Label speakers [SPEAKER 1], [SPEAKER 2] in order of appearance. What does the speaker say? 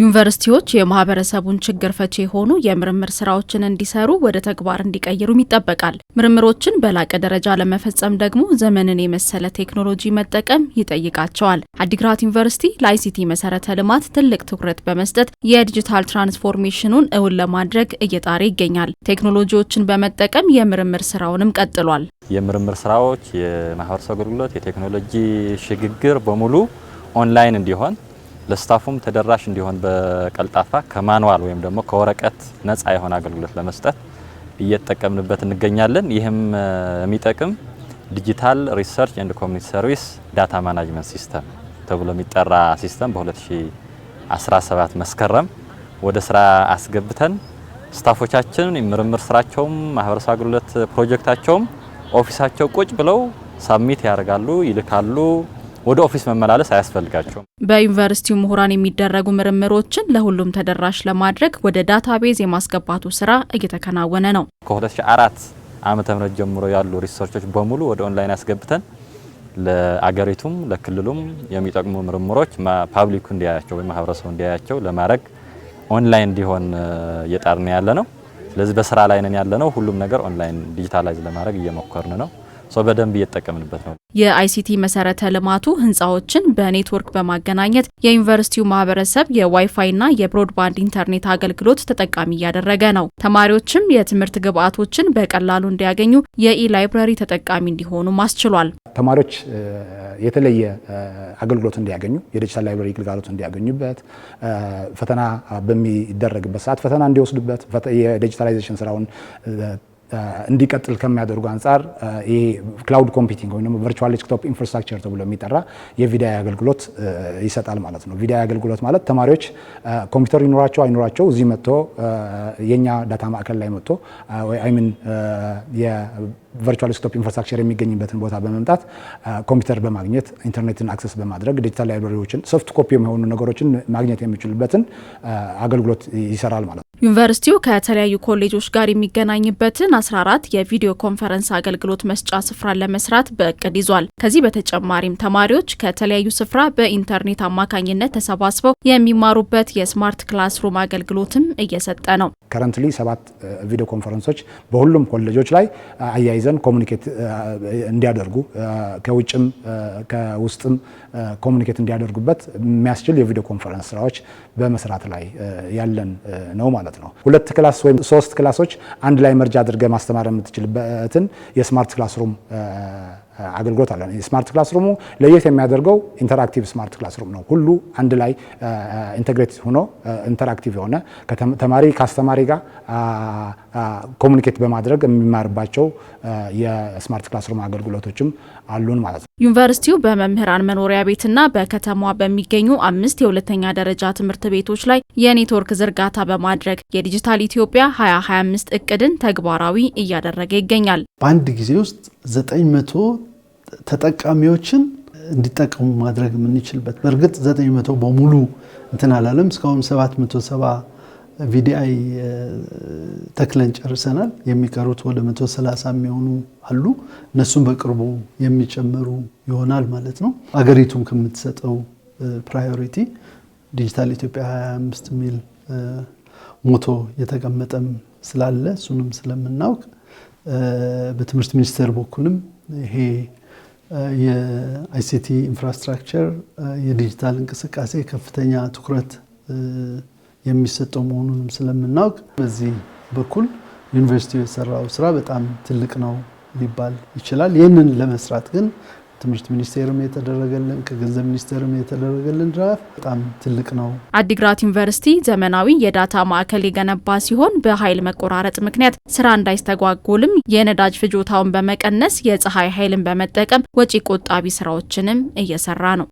[SPEAKER 1] ዩኒቨርሲቲዎች የማህበረሰቡን ችግር ፈቺ የሆኑ የምርምር ስራዎችን እንዲሰሩ ወደ ተግባር እንዲቀይሩም ይጠበቃል። ምርምሮችን በላቀ ደረጃ ለመፈጸም ደግሞ ዘመንን የመሰለ ቴክኖሎጂ መጠቀም ይጠይቃቸዋል። አዲግራት ዩኒቨርሲቲ ለአይሲቲ መሰረተ ልማት ትልቅ ትኩረት በመስጠት የዲጂታል ትራንስፎርሜሽኑን እውን ለማድረግ እየጣረ ይገኛል። ቴክኖሎጂዎችን በመጠቀም የምርምር ስራውንም ቀጥሏል።
[SPEAKER 2] የምርምር ስራዎች፣ የማህበረሰብ አገልግሎት፣ የቴክኖሎጂ ሽግግር በሙሉ ኦንላይን እንዲሆን ለስታፉም ተደራሽ እንዲሆን በቀልጣፋ ከማንዋል ወይም ደግሞ ከወረቀት ነጻ የሆነ አገልግሎት ለመስጠት እየተጠቀምንበት እንገኛለን። ይህም የሚጠቅም ዲጂታል ሪሰርች ኤንድ ኮሚኒቲ ሰርቪስ ዳታ ማናጅመንት ሲስተም ተብሎ የሚጠራ ሲስተም በ2017 መስከረም ወደ ስራ አስገብተን ስታፎቻችን የምርምር ስራቸውም ማህበረሰብ አገልግሎት ፕሮጀክታቸውም ኦፊሳቸው ቁጭ ብለው ሳሚት ያደርጋሉ፣ ይልካሉ። ወደ ኦፊስ መመላለስ አያስፈልጋቸውም።
[SPEAKER 1] በዩኒቨርሲቲው ምሁራን የሚደረጉ ምርምሮችን ለሁሉም ተደራሽ ለማድረግ ወደ ዳታቤዝ የማስገባቱ ስራ እየተከናወነ ነው።
[SPEAKER 2] ከ2004 ዓመተ ምህረት ጀምሮ ያሉ ሪሰርቾች በሙሉ ወደ ኦንላይን አስገብተን ለአገሪቱም ለክልሉም የሚጠቅሙ ምርምሮች ፓብሊኩ እንዲያያቸው ወይም ማህበረሰቡ እንዲያያቸው ለማድረግ ኦንላይን እንዲሆን እየጣርን ያለ ነው። ስለዚህ በስራ ላይ ነን ያለ ነው። ሁሉም ነገር ኦንላይን ዲጂታላይዝ ለማድረግ እየሞከርን ነው። ሰው በደንብ እየተጠቀምንበት ነው።
[SPEAKER 1] የአይሲቲ መሰረተ ልማቱ ህንፃዎችን በኔትወርክ በማገናኘት የዩኒቨርሲቲው ማህበረሰብ የዋይፋይና የብሮድባንድ ኢንተርኔት አገልግሎት ተጠቃሚ እያደረገ ነው። ተማሪዎችም የትምህርት ግብዓቶችን በቀላሉ እንዲያገኙ ላይብረሪ ተጠቃሚ እንዲሆኑ ማስችሏል።
[SPEAKER 3] ተማሪዎች የተለየ አገልግሎት እንዲያገኙ የዲጂታል ላይብረሪ ግልጋሎት እንዲያገኙበት ፈተና በሚደረግበት ሰዓት ፈተና እንዲወስዱበት የዲጂታላይዜሽን ስራውን እንዲቀጥል ከሚያደርጉ አንጻር ይሄ ክላውድ ኮምፒቲንግ ወይም ደግሞ ቨርቹዋል ዴስክቶፕ ኢንፍራስትራክቸር ተብሎ የሚጠራ የቪዳይ አገልግሎት ይሰጣል ማለት ነው። ቪዳይ አገልግሎት ማለት ተማሪዎች ኮምፒውተር ይኖራቸው አይኖራቸው እዚህ መጥቶ የእኛ ዳታ ማዕከል ላይ መጥቶ አይምን የቨርቹዋል ዴስክቶፕ ኢንፍራስትራክቸር የሚገኝበትን ቦታ በመምጣት ኮምፒውተር በማግኘት ኢንተርኔትን አክሰስ በማድረግ ዲጂታል ላይብራሪዎችን ሶፍት ኮፒ የሚሆኑ ነገሮችን ማግኘት የሚችሉበትን አገልግሎት ይሰራል ማለት ነው።
[SPEAKER 1] ዩኒቨርሲቲው ከተለያዩ ኮሌጆች ጋር የሚገናኝበትን 14 የቪዲዮ ኮንፈረንስ አገልግሎት መስጫ ስፍራን ለመስራት በእቅድ ይዟል። ከዚህ በተጨማሪም ተማሪዎች ከተለያዩ ስፍራ በኢንተርኔት አማካኝነት ተሰባስበው የሚማሩበት የስማርት ክላስሩም አገልግሎትም እየሰጠ ነው።
[SPEAKER 3] ከረንትሊ ሰባት ቪዲዮ ኮንፈረንሶች በሁሉም ኮሌጆች ላይ አያይዘን ኮሚኒኬት እንዲያደርጉ ከውጭም ከውስጥም ኮሚኒኬት እንዲያደርጉበት የሚያስችል የቪዲዮ ኮንፈረንስ ስራዎች በመስራት ላይ ያለን ነው ማለት ነው። ማለት ነው። ሁለት ክላስ ወይም ሶስት ክላሶች አንድ ላይ መርጃ አድርገ ማስተማር የምትችልበትን የስማርት ክላስሩም አገልግሎት አለን። ስማርት ክላስሩሙ ለየት የሚያደርገው ኢንተራክቲቭ ስማርት ክላስሩም ነው። ሁሉ አንድ ላይ ኢንተግሬት ሆኖ ኢንተራክቲቭ የሆነ ተማሪ ከአስተማሪ ጋር ኮሚኒኬት በማድረግ የሚማርባቸው የስማርት ክላስሩም አገልግሎቶችም አሉን ማለት ነው።
[SPEAKER 1] ዩኒቨርሲቲው በመምህራን መኖሪያ ቤትና በከተማዋ በሚገኙ አምስት የሁለተኛ ደረጃ ትምህርት ቤቶች ላይ የኔትወርክ ዝርጋታ በማድረግ የዲጂታል ኢትዮጵያ 2025 እቅድን ተግባራዊ እያደረገ ይገኛል።
[SPEAKER 4] በአንድ ጊዜ ውስጥ ዘጠኝ መቶ ተጠቃሚዎችን እንዲጠቀሙ ማድረግ የምንችልበት በእርግጥ ዘጠኝ መቶ በሙሉ እንትን አላለም። እስካሁን ሰባት መቶ ሰባ ቪዲአይ ተክለን ጨርሰናል። የሚቀሩት ወደ መቶ ሰላሳ የሚሆኑ አሉ። እነሱም በቅርቡ የሚጨመሩ ይሆናል ማለት ነው። አገሪቱም ከምትሰጠው ፕራዮሪቲ ዲጂታል ኢትዮጵያ 25 የሚል ሞቶ የተቀመጠም ስላለ እሱንም ስለምናውቅ በትምህርት ሚኒስቴር በኩልም ይሄ የአይሲቲ ኢንፍራስትራክቸር የዲጂታል እንቅስቃሴ ከፍተኛ ትኩረት የሚሰጠው መሆኑንም ስለምናውቅ በዚህ በኩል ዩኒቨርሲቲው የሰራው ስራ በጣም ትልቅ ነው ሊባል ይችላል። ይህንን ለመስራት ግን ትምህርት ሚኒስቴርም የተደረገልን ከገንዘብ ሚኒስቴርም የተደረገልን ድጋፍ በጣም ትልቅ ነው።
[SPEAKER 1] አዲግራት ዩኒቨርሲቲ ዘመናዊ የዳታ ማዕከል የገነባ ሲሆን በኃይል መቆራረጥ ምክንያት ስራ እንዳይስተጓጎልም የነዳጅ ፍጆታውን በመቀነስ የፀሐይ ኃይልን በመጠቀም ወጪ ቆጣቢ ስራዎችንም እየሰራ ነው።